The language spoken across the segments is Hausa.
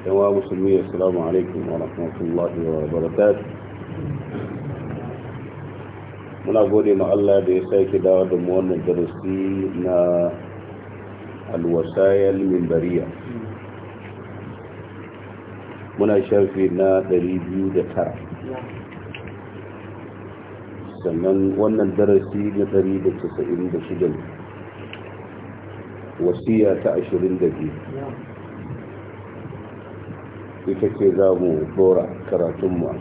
الثواب سلمية السلام عليكم ورحمة الله وبركاته من أقول إن الله دي سيكي دا دمون الدرسي نا الوسائل المنبرية من أشافي نا دريبيو دي تار سنن ون الدرسي نتريد تسعين دي وسيئة عشرين دي ita ce za mu dora karatunmu a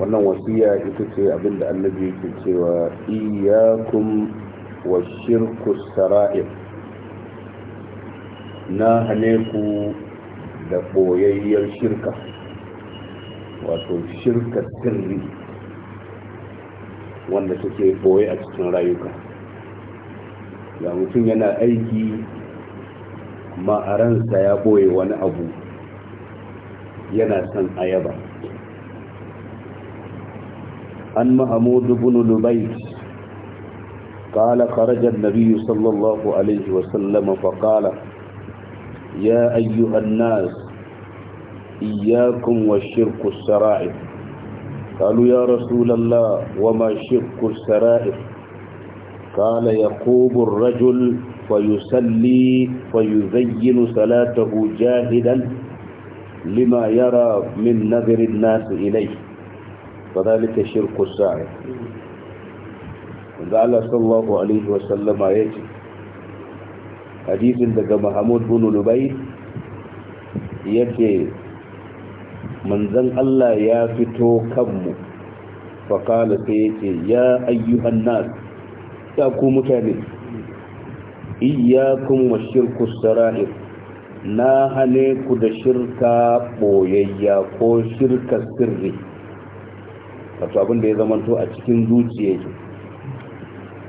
wannan wasiya ita ce abinda annabi yake cewa iyakun wa shirku sara'ir na hane ku da ɓoyayyar shirka wato shirka sirri wanda take boye a cikin rayuka da mutum yana aiki ma'aransa ya ɓoye wani abu yana san ayaba an mahmud ibn lubayt قال خرج النبي صلى الله عليه وسلم فقال يا أيها الناس إياكم والشرك السرائر قالوا يا رسول الله وما شرك السرائر قال يقوم الرجل فيسلي فيزين صلاته جاهدا لما يرى من نظر الناس إليه فذلك شرك الساعي قال صلى الله عليه وسلم آياته حديث عندما محمود بن لبيد yake manzan Allah ya fito kanmu fa kala sai yake ya ayyuhan nas ya ku mutane iyyakum washirku sara'ir na hane ku da shirka boyayya ko shirka sirri wato abin da ya zamanto a cikin zuciya ke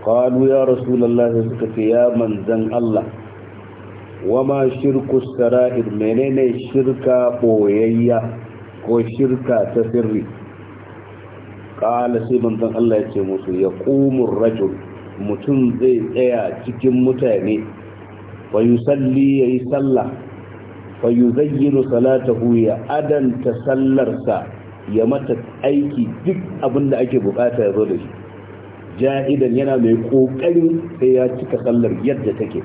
qalu ya rasulullahi suka ce ya manzan Allah wama shirku sara'ir menene shirka boyayya ko shirka ta sirri kala sai manzan Allah ya ce musu ya rajul mutum zai tsaya cikin mutane wa yusalli yayi sallah fayuzayyiru salatahu ya adanta sallarsa ya mata aiki duk abin da ake bukata ya zo da shi ja'idan yana mai kokarin sai ya cika sallar yadda take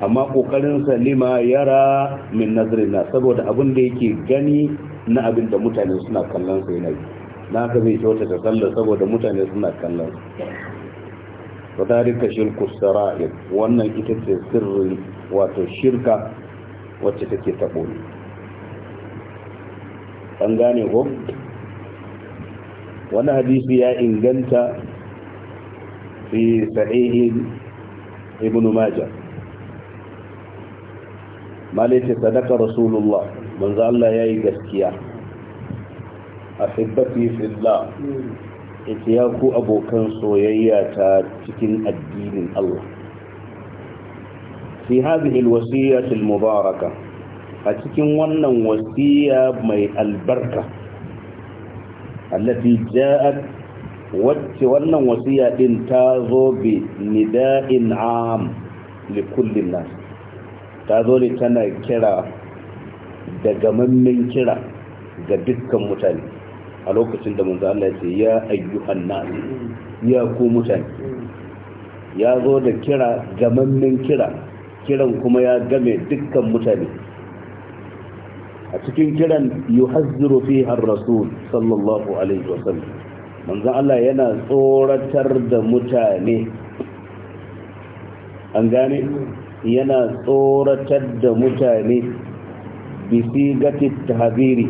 amma kokarin salima yara min nazrina saboda abin da yake gani na abin da mutane suna kallon sa yana na ka zai kyauta ta sallar saboda mutane suna kallon sa wa tarika shirku sara'ir wannan ita ce sirrin wato shirka wacce take taɓo ne an gane ko wani hadisi ya inganta fi sahihin ibn majah malaita sadaka rasulullah manzo Allah ya yi gaskiya ahibbati fillah ita hmm. ya ku abokan soyayya ta cikin addinin Allah fi hadhihi alwasiyati almubaraka a cikin wannan wasiya mai albarka allati ja'at wacce wannan wasiya din ta zo bi nida'in am li kulli nas ta zo ne tana kira da gamammen kira ga dukkan mutane a lokacin da manzo Allah ya ce ya ayyuhan nas ya ku mutane ya zo da kira gamammen kira kiran kuma ya game dukkan mutane a cikin kiran yuhazziru fiha ar-rasul sallallahu alaihi wasallam manzon Allah yana tsoratar da mutane an gane yana tsoratar da mutane bi sigati tahziri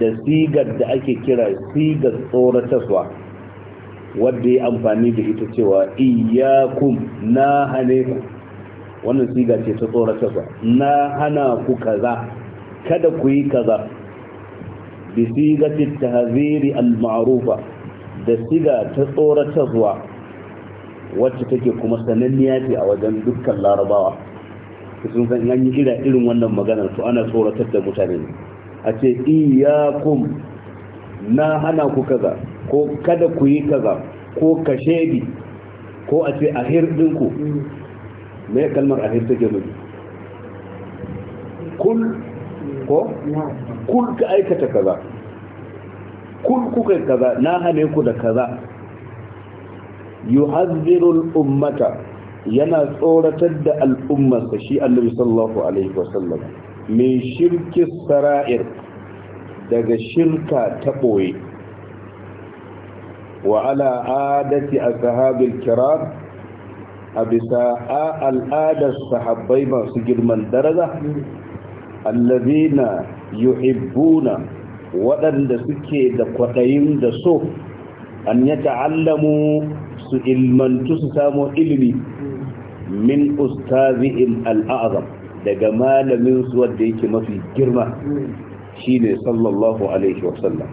da sigar da ake kira sigar tsoratarwa wadda ya amfani da ita cewa iyyakum na hane wannan siga ce ta tsoratarwa na hana ku kaza kada ku yi kaza bi ta tahziri al maarufa da siga ta tsoratarwa wacce take kuma sananniya ce a wajen dukkan larabawa sun san an yi irin wannan maganar to ana tsoratar da mutane a ce iyakum na hana ku kaza ko kada ku yi kaza ko bi, ko a ce a hirɗinku me kalmar ahir take nufi kul ko kul ka aikata kaza kul kuka kaza na hane ku da kaza yuhazzirul ummata yana tsoratar da al'ummarsa shi annabi sallallahu alaihi wasallam min shirki sara'ir daga shirka ta ɓoye wa ala adati sahabin kiran? a bisa al'adar sahabbai masu girman daraja allazina yuhibbuna waɗanda suke da kwaɗayin da so an ya ta'allamu su ilmantu su samu ilimi min ustazi'in al'azam daga malamin su wadda yake mafi girma shine sallallahu alaihi wasallam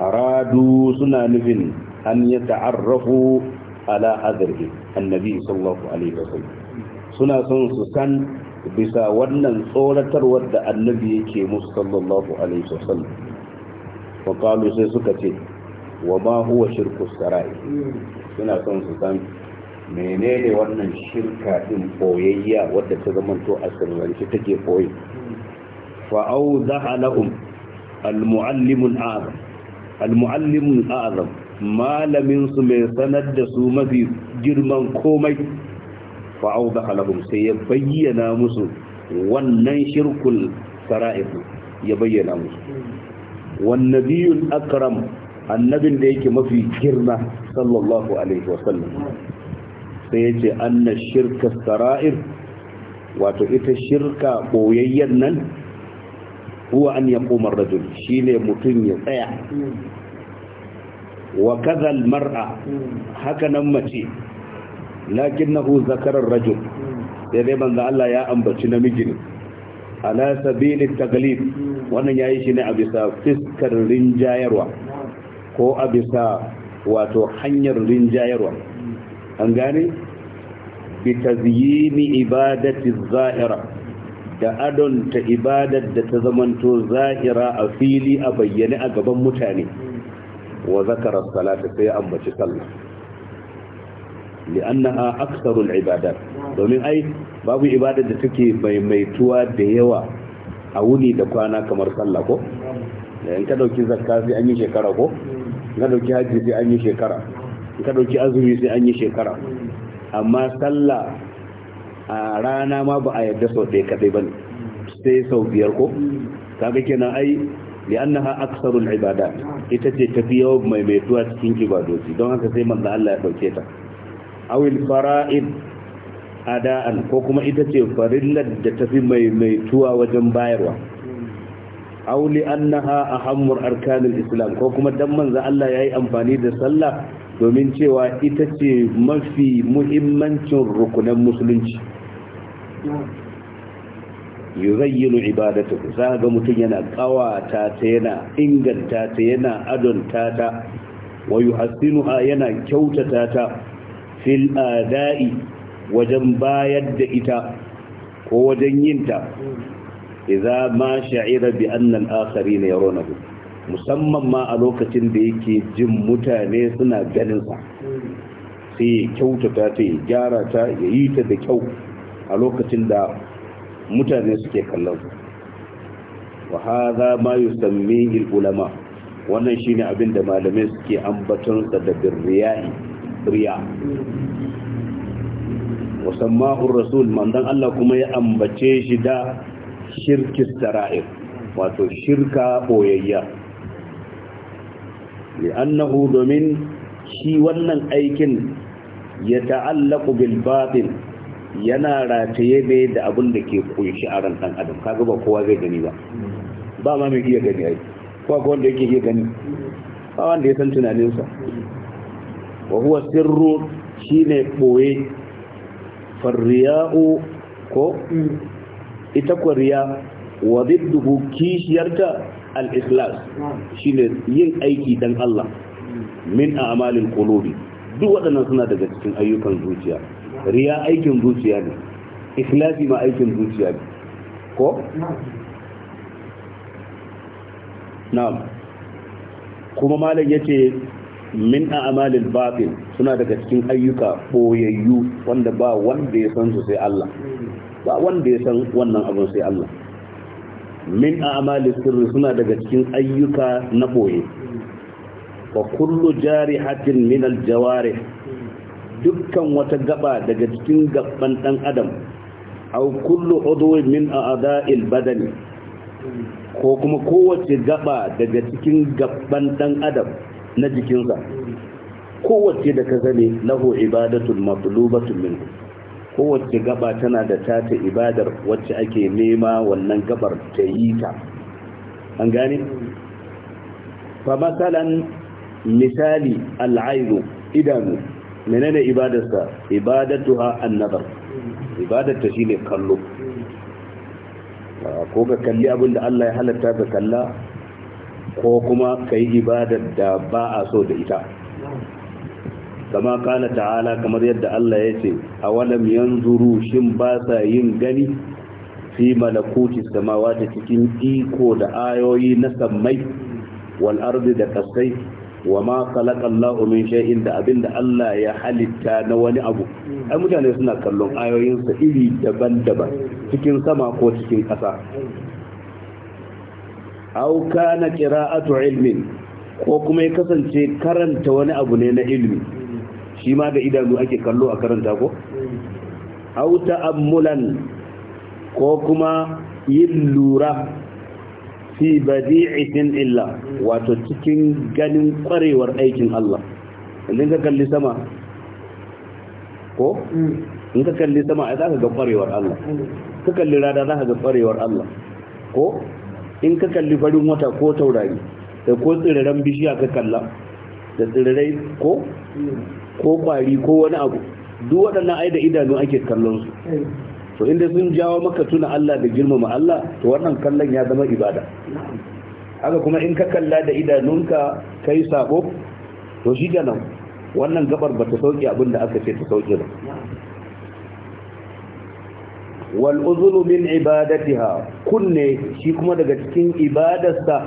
aradu suna nufin an ya ta'arrafu ala hadrihi annabi sallallahu alaihi wasallam suna son su san bisa wannan tsoratarwar da annabi yake musu sallallahu alaihi wasallam wa qalu sai suka ce wa ma huwa shirku sarai suna son su san menene wannan shirka din boyayya wadda ta zamanto a sirrance take boye fa auzaha lahum al-muallim azam al-muallim azam Malaminsu mai sanar da su mafi girman komai fa'au da halahun sai ya bayyana musu wannan shirkul sara'ifu ya bayyana musu wannabiyun akram annabin da yake mafi girma sallallahu alaihi wasallam sai ya ce an na shirka sara'ir wato ita shirka boyayyen nan huwa an ya komar rajul shine mutum ya tsaya wa kazal mar'a haka nan mace lakinnahu zakarar rajul sai dai manzo Allah ya ambaci namiji ne ala sabili taglib wannan yayi shi ne a bisa fiskar rinjayarwa ko a bisa wato hanyar rinjayarwa an gane bi tazyimi ibadati zahira da adonta ibadar da ta zamanto zahira a fili a bayyane a gaban mutane wa zakara salata sai ambaci sallah li'annaha aktharul ibadat domin ai babu ibada da take mai tuwa da yawa a wuni da kwana kamar sallah ko in ka dauki zakka sai an yi shekara ko in ka dauki haji sai an yi shekara in ka dauki azumi sai an yi shekara amma sallah a rana ma ba a yadda sau ɗaya kaɗai ba ne sai sau biyar ko kaga kenan ai li'annaha aksarul ibadat ita ce tafi yawan mai tuwa cikin ibadoci don haka sai manzo Allah ya dauke ta awil fara'id ada'an ko kuma ita ce farillar da tafi mai tuwa wajen bayarwa aw li'annaha ahammur arkanil islam ko kuma dan manzo Allah yayi amfani da sallah domin cewa ita ce mafi muhimmancin rukunan musulunci yuzayyilu ibadatuhu za ga mutum yana kawata ta yana inganta ta yana adonta ta hasinu ha yana kyautata ta fil ada'i wajen bayar da ita ko wajen yinta idza ma sha'ira bi anna al-akharin yarunahu musamman ma a lokacin da yake jin mutane suna ganin sa sai kyautata ta ya gyara ta ya yi ta da kyau a lokacin da mutane suke kallon su wa hadha ma yusammihi ulama wannan shine abin da malamai suke ambaton sa da birriyai riya wa sammahu rasul mandan Allah kuma ya ambace shi da shirki sara'ir wato shirka boyayya annahu domin shi wannan aikin ya ta'allaku bil batin yana rataye ne da abin da ke kunshi a ran ɗan adam kaga ba kowa zai gani ba ba ma mai iya gani ai ko ga wanda yake iya gani ba wanda ya san tunaninsa wa huwa sirru shine boye farriya'u ko ita ko riya wa didduhu kishiyarta al-ikhlas shine yin aiki dan Allah min a'malil qulubi duk waɗannan suna daga cikin ayyukan zuciya riya aikin zuciya ne ikhlasi ma aikin zuciya ne ko na'am kuma malam yace min a'malil batil suna daga cikin ayyuka boyayyu wanda ba wanda ya san su sai Allah ba wanda ya san wannan abin sai Allah min a'malil sirri suna daga cikin ayyuka na boye wa kullu jarihatin min al-jawarih dukkan wata gaba daga cikin gaban dan adam au kullu udwi min a'da'il badani ko kuma kowace gaba daga cikin gaban dan adam na jikinsa kowace da ka zane lahu ibadatul matlubatun minhu kowace gaba tana da tata ibadar wacce ake nema wannan gabar ta yi ta an gane fa misali al'airu idanu menene ibadarsa ibadatuha annabar ibadarta shine kallo ah, ko ka kalli abin da Allah ya halatta ka kalla ko kuma kai ibadar da ba a so da ita kama kala ta'ala kamar yadda Allah ya ce a walam yanzuru shin ba sa yin gani fi malakuti da cikin iko da ayoyi na sammai wal ardi da kasai wa ma khalaqallahu min shay'in da abinda Allah ya halitta na wani abu ai mutane suna kallon ayoyin sa iri daban-daban cikin sama ko cikin ƙasa aw kana qira'atu ilmin ko kuma ya kasance karanta wani abu ne na ilmi shi ma da idanu ake kallo a karanta ko aw ta'ammulan ko kuma yin lura fi badi'atin illa wato cikin ganin kwarewar aikin Allah idan ka kalli sama ko in ka kalli sama a zaka ga kwarewar Allah ka kalli rada zaka ga kwarewar Allah ko in ka kalli farin wata ko taurari da ko tsirran bishiya ka kalla da tsirrai ko ko kwari ko wani abu duk waɗannan ai da idanu ake kallon su to inda sun jawo maka tuna Allah da girmama Allah to wannan kallon ya zama ibada haka kuma in ka kalla da idanunka kai sabo to shi nan wannan gabar ba ta sauki abin da aka ce ta sauke ba wal uzlu min ibadatiha kunne shi kuma daga cikin ibadarsa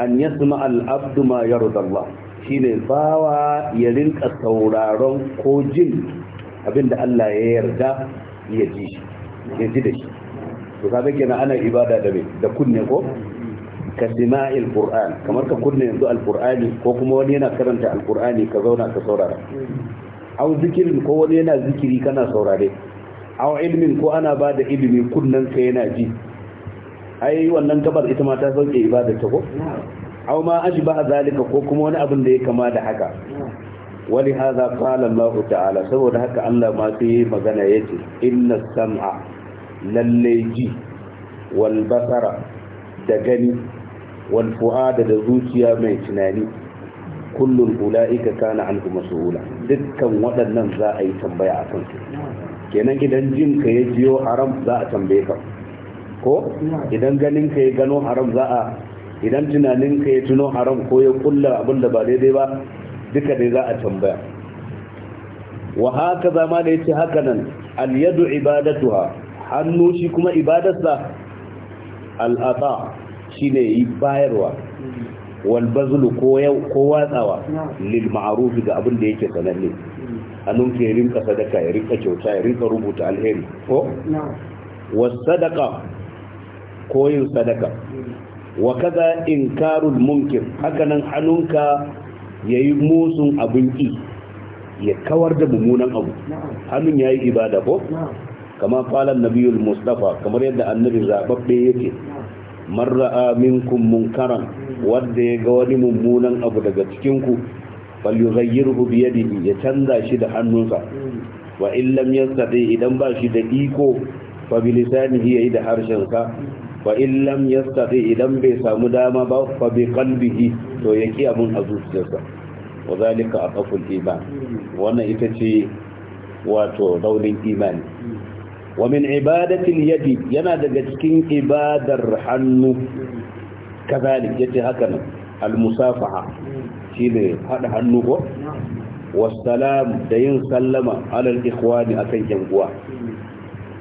an yasma al abdu ma yarda Allah shine bawa ya rinka sauraron ko jin abin da Allah ya yarda iya ji shi ya ji da shi to ka zai kenan ana ibada da mai da kunne ko ka sima'il qur'an kamar ka kunne yanzu Alƙur'ani, ko kuma wani yana karanta Alƙur'ani, ka zauna ka saurara au zikirin ko wani yana zikiri kana saurare au ilmin ko ana ba da ilimi kunnen ka yana ji ai wannan kabar ita ma ta sauke ibada ta ko au ma ashba zalika ko kuma wani abin da ya kama da haka wani haza kala Allah ta'ala saboda haka Allah ma sai magana ya ce inna sam'a lalle ji wal basara da gani wal fu'ada da zuciya mai tunani kullun ula'ika kana anhu mas'ula dukkan waɗannan za a yi tambaya akan su kenan idan jin ka ya jiyo haram za a tambaye ka ko idan ganin ka ya gano haram za a idan tunanin ka ya tuno haram ko ya kulla abin da ba daidai ba duka dai za a tambaya wa haka zama da yace haka nan al yadu hannu shi kuma ibadarsa al ata shine yi bayarwa wal bazlu ko yau ko watsawa lil ma'ruf ga abin da yake sananne hannun ke rinka sadaka ya rinka kyauta ya rinka rubuta alheri ko was sadaqa koyin sadaka wa kaza inkarul munkir haka nan hannunka ya yi musun abin ya kawar da mummunan abu hannun ya yi ibada ko kama falon nabiyul mustafa kamar yadda annabi zaɓaɓɓe yake marra aminkun munkaran wadda ya ga wani mummunan abu daga cikinku falyo zayyar hubi ya canza shi da hannunsa wa in lam yastati idan ba shi da iko fabilisani bi yayi da harshensa wa in ya yastati idan bai samu dama ba fa bi to yake abun a zuciyarsa wa zalika kafin iman wannan ita ce wato raunin imani wa min ibadatil yadi yana daga cikin ibadar hannu kazalik yace haka nan al musafaha shine hada hannu ko wassalam da yin sallama alal ikhwani akan yan uwa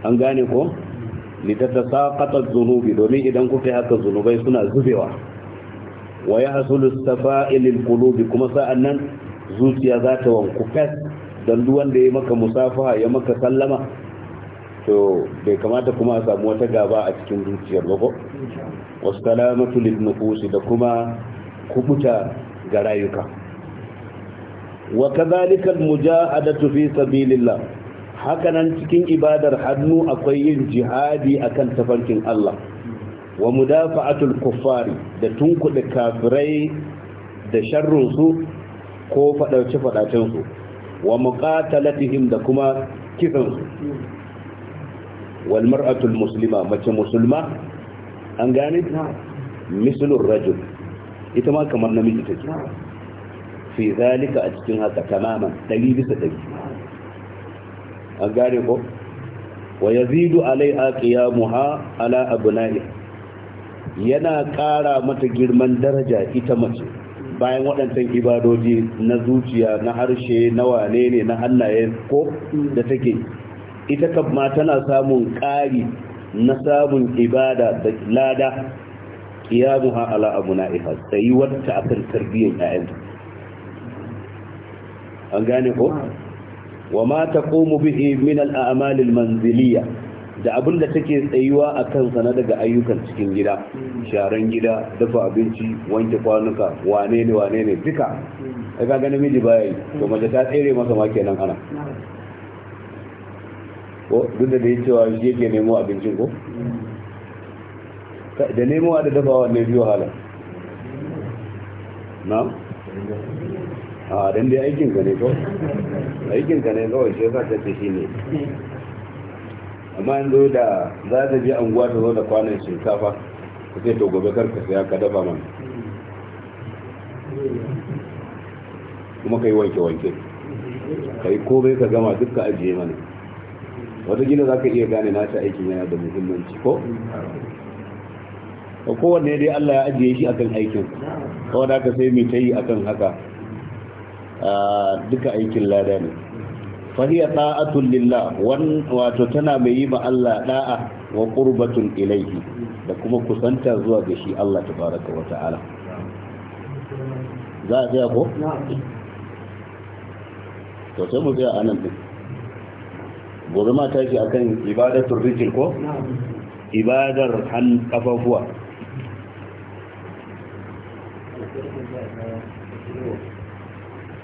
an gane ko litatasaqata adh-dhunubi domin idan kuka haka zunubai suna zubewa wa ya hasulu safa'ilil qulubi kuma sa'an nan zuciya za ta wanku fes don duk wanda ya maka musafaha ya maka sallama to bai kamata kuma a samu wata gaba a cikin zuciyar ba ko wasu kalamatu lil da kuma kubuta ga rayuka wa kadhalika al-mujahadatu fi sabilillah hakanan cikin ibadar hannu akwai yin jihadi akan tafarkin Allah wa mudafa'atul kuffari da tunkuɗe kafirai da sharrunsu ko faɗace-faɗacensu wa muqatalatihim da kuma kisansu wal mar'atul muslima mace musulma an gane mislur rajul ita ma kamar namiji take fi zalika a cikin haka tamaman ɗari bisa ɗari an gane ko wa yazidu alaiha qiyamuha ala abna'i yana ƙara mata girman daraja ita mace bayan waɗancan ibadoji na zuciya na harshe na wane ne na hannaye ko da take ita ma tana samun ƙari na samun ibada da lada kiyamuha ala na iha tsayi wata akan tarbiyyar ƴaƴanta an gane ko wa ma taqumu bihi min al-a'mal manziliyya da abin da take tsayuwa a kansa na daga ayyukan cikin gida sharan gida dafa abinci wanke kwanuka wane ne wane ne duka a ga namiji baya yi to mace ta tsere masa ma kenan ana ko duk da dai cewa shi yake nemo abincin ko da nemo da dafawa ne biyo hala na a dan dai aikin ka ne ko aikin ka ne kawai shi sa ta ce shi ne amma yanzu da za ta je an gwata zo da kwanan shinkafa ka ce to gobe karka saya ka dafa mana kuma ka yi wanke-wanke ka yi komai ka gama duka ajiye mana gina za ka iya gane nata aikin yana da muhimmanci ko? ko kowanne dai Allah ya ajiye shi akan aikin kawai da aka sai mai ta yi akan haka ah, duka aikin lada ne فهي طاعة لله وان واتتنا بيما الله داعة وقربة إليه لكم كسنتا زواج شيء الله تبارك وتعالى ذا ذا أبو to sai mu tsaya a nan din gobe ma tashi akan ibadatul rijil ko ibadar han kafafuwa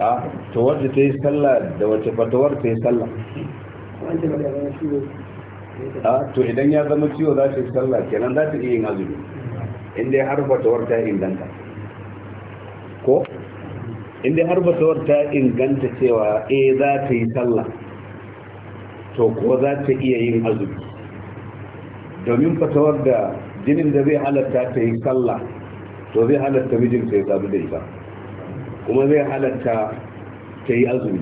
a to wanda ta yi sallah da wace fatawar ta yi sallah a to idan ya zama ciwo za ta yi sallah kenan za ta iya yin azumi inda har fatawar ta inganta ko inda har fatawar ta inganta cewa eh za ta yi sallah to ko za ta iya yin azumi domin fatawar da jinin da zai halatta ta yi sallah to zai halatta mijin ta yi da ita kuma zai halatta ta yi azumi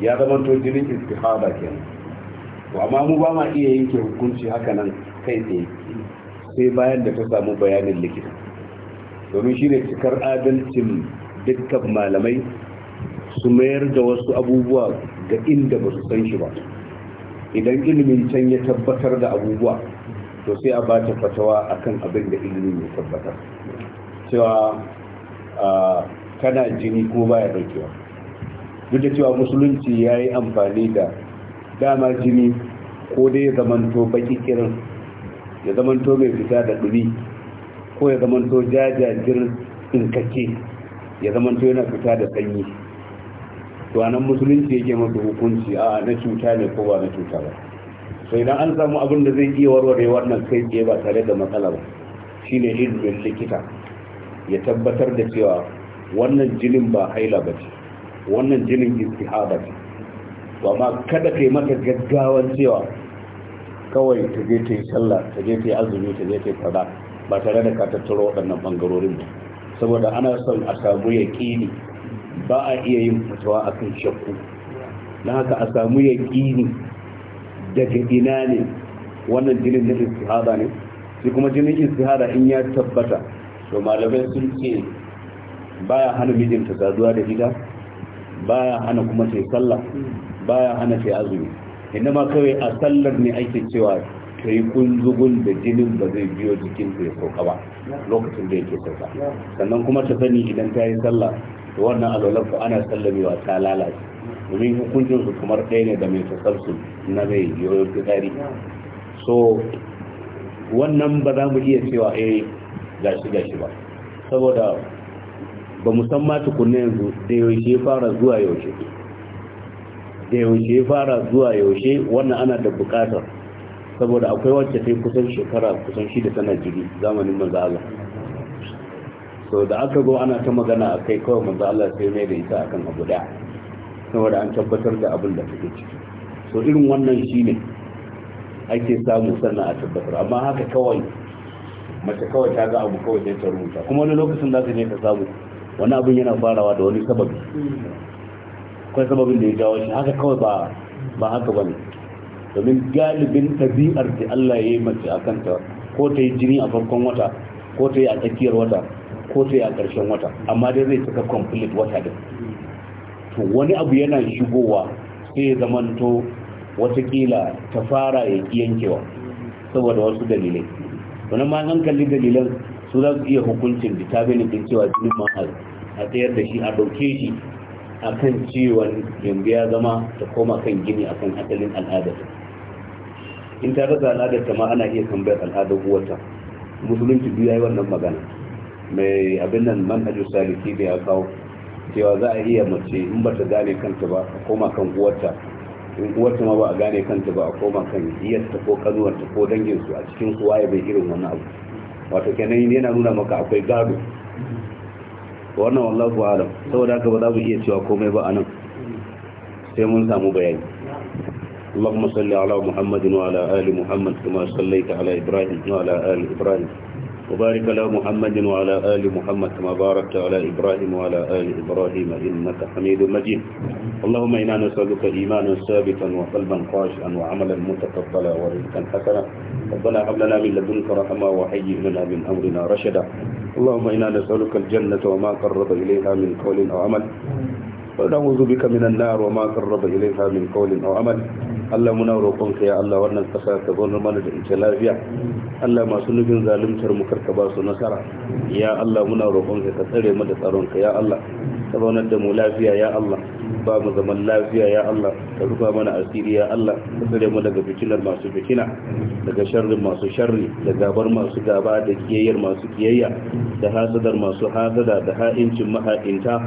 ya zama to jinin istihaba kenan to amma mu ba ma iya yanke hukunci hakanan kai tsaye sai bayan da ta samu bayanin likita domin shi ne cikar adalcin dukkan malamai su mayar da wasu abubuwa ga inda ba su san shi ba idan ilimin can ya tabbatar da abubuwa to sai a ba ta fatawa akan abin da ilimin ya tabbatar cewa ah, kana jini ko baya daukewa duk da cewa musulunci ya yi amfani da dama jini ko dai ya zamanto baki kirin ya zamanto mai fita da ɗumi ko ya zamanto jajajir tsinkake ya zamanto yana fita da sanyi to anan musulunci yake masa hukunci a na cuta ne ko ba na cuta ba sai idan an samu abin da zai iya warware wannan kai tsaye ba tare da matsala ba shine ilmin likita ya tabbatar da cewa wannan jinin ba haila ba ce wannan jinin ba ce ba ma kada ka yi mata gaggawa cewa kawai ta je ta yi sallah ta je ta yi azumi ta je ta yi fada ba tare da ka tattaro waɗannan bangarorin ba saboda ana son a samu yaƙini ba a iya yin a akan shakku na haka a samu yaƙini daga ina ne wannan jinin na istihada ne Sai kuma jinin istihada in ya tabbata to malamai sun ce baya hana mijinta saduwa da gida baya hana kuma sai sallah baya hana sai azumi ma kawai a sallar ne ake cewa ta yi kunzugun da jinin ba zai biyo jikin ya sauka ba lokacin da yake sauka sannan kuma ta sani idan ta yi sallah to wannan alwalar ku ana sallamewa ta lalace domin hukuncin su kamar ɗaya ne da mai tasarsu na mai yoyon fitsari so wannan ba za mu iya cewa eh gashi gashi ba saboda ba musamman tukunna yanzu da yaushe ya fara zuwa yaushe da yaushe ya fara zuwa yaushe wannan ana da bukatar saboda akwai wacce yi kusan shekara kusan shida tana jiri zamanin manzo Allah so da aka go ana ta magana a kai kawai manzo Allah sai mai da ita akan abu da saboda an tabbatar da abin da take ciki so irin wannan shine ake samu sannan a tabbatar amma haka kawai mace kawai ta ga abu kawai sai ta rubuta kuma wani lokacin za ta ne ta samu wani abin yana farawa da wani sababi akwai sababin da ya jawo shi haka kawai ba ba haka ba ne domin galibin ɗabi'ar da Allah ya yi mace a kanta ko ta yi jini a farkon wata ko ta yi a tsakiyar wata ko ta yi a ƙarshen wata amma dai zai cika complete wata din to wani abu yana shigowa sai ya zamanto watakila ta fara ya yankewa saboda wasu dalilai wani ma an kalli dalilan su za su iya hukuncin determining nufin cewa jinin mahal a tsayar da shi a ɗauke shi a kan ciwon yanzu ya zama ta koma kan gini a kan asalin al'adar in ta rasa al'adar ta ma ana iya tambayar al'adar uwata musulunci biyu ya yi wannan magana mai abin nan manhajar saliki da ya kawo cewa za a iya mace in ba ta gane kanta ba a koma kan uwarta in uwarta ma ba a gane kanta ba a koma kan iyarta ko kanuwarta ko danginsu a cikin kowa ya bai irin wani abu wato kenan yana nuna maka akwai gado wannan wallahu alam saboda haka ba za mu iya cewa komai ba anan sai mun samu bayani اللهم صل على محمد وعلى آل محمد كما صليت على إبراهيم وعلى آل إبراهيم وبارك على محمد وعلى آل محمد كما باركت على إبراهيم وعلى آل إبراهيم إنك حميد مجيد اللهم إنا نسألك إيمانا ثابتا وقلبا خاشعا وعملا متقبلا ورزقا حسنا ربنا هب لنا من لدنك رحمة وحي لنا من أمرنا رشدا اللهم إنا نسألك الجنة وما قرب إليها من قول أو عمل ونعوذ بك من النار وما قرب إليها من قول أو عمل Allah muna ka ya Allah wannan ƙasa ka zauna mana da ita lafiya Allah masu nufin zaluntar mu karka ba su nasara ya Allah muna roƙonka ka tsare mu da tsaronka ya Allah ka zaunar da mu lafiya ya Allah ba mu zaman lafiya ya Allah ka rufa mana asiri ya Allah ka tsare mu daga fitinar masu fitina daga sharrin masu sharri da gabar masu gaba da kiyayyar masu kiyayya da hasadar masu hasada da ha'incin maha'inta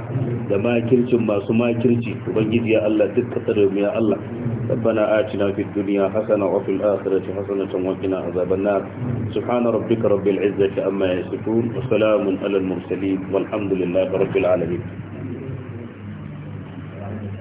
da makircin masu makirci ubangiji ya Allah duk ka tsare mu ya Allah ربنا آتنا في الدنيا حسنة وفي الآخرة حسنة وقنا عذاب النار سبحان ربك رب العزة عما يصفون وسلام على المرسلين والحمد لله رب العالمين